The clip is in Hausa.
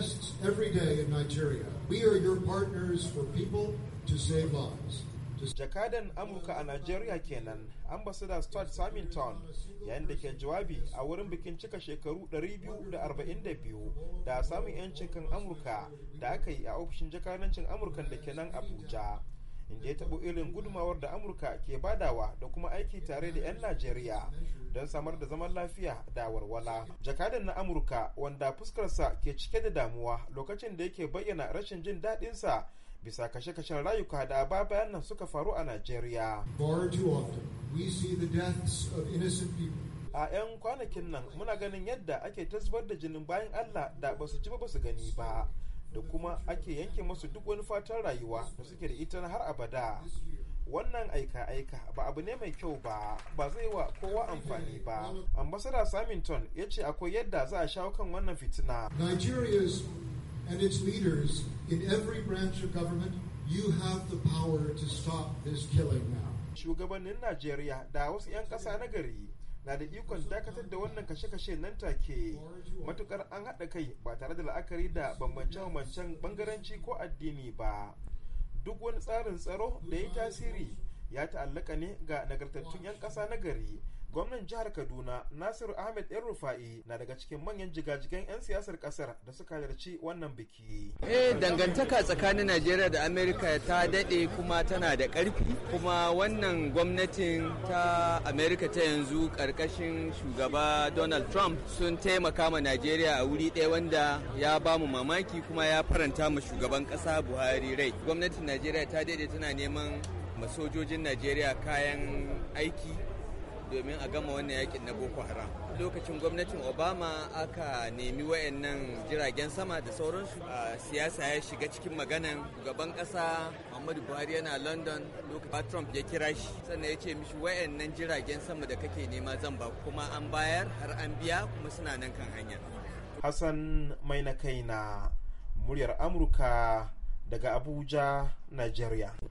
protests every day in Nigeria. We are your partners for people to save lives. Jakadan Amurka a Najeriya kenan, ambassador Stuart Samington yayin da ke jawabi a wurin bikin cika shekaru 242 da samun 'yancin kan Amurka da aka yi a ofishin jakadancin Amurkan da ke nan Abuja. inda ya taɓo irin gudumawar da amurka ke badawa da kuma aiki tare da 'yan najeriya don samar da zaman lafiya da warwala jakadan na amurka wanda fuskarsa ke cike da damuwa lokacin da yake bayyana rashin jin daɗinsa bisa kashe-kashen rayuka da ba bayan nan suka faru a najeriya a 'yan kwanakin nan muna ganin yadda ake ta da jinin bayan allah da basu ci ba su gani ba da kuma ake yanke masu duk wani fatan rayuwa da suke da ita har abada wannan aika-aika ba abu ne mai kyau ba ba zai wa kowa amfani ba ambassador samington ya ce akwai yadda za a shawo kan wannan fitina nigeria's and its leaders in every branch of government you have the power to stop this killing now shugabannin najeriya da wasu 'yan kasa na gari na da ikon dakatar da wannan kashe-kashe nan take matukar an haɗa kai ba tare da la'akari da bambance-bambancen bangaranci ko addini ba duk wani tsarin tsaro da ya tasiri ya ta'allaka ne ga nagartattun 'yan ƙasa na gari gwamnan jihar kaduna nasiru ahmed yan rufa'i na daga cikin manyan jigajigan 'yan siyasar kasar da suka halarci wannan biki eh dangantaka tsakanin najeriya da amerika ta daɗe kuma tana da ƙarfi kuma wannan gwamnatin ta amerika ta yanzu karkashin shugaba donald trump sun taimaka ma najeriya a wuri ɗaya wanda ya ba mu mamaki kuma ya faranta ma shugaban ƙasa buhari rai gwamnatin najeriya ta dade tana neman masojojin najeriya kayan aiki domin a gama wannan yakin na boko haram lokacin gwamnatin obama aka nemi wayannan jiragen sama da sauransu a siyasa ya shiga cikin maganan gaban kasa muhammadu buhari yana london lokacin trump ya kira shi sannan ya ce mishi wayannan jiragen sama da kake nema zan ba kuma an bayar har an biya kuma suna nan kan hanya hassan mai na kai na muryar amurka daga abuja nigeria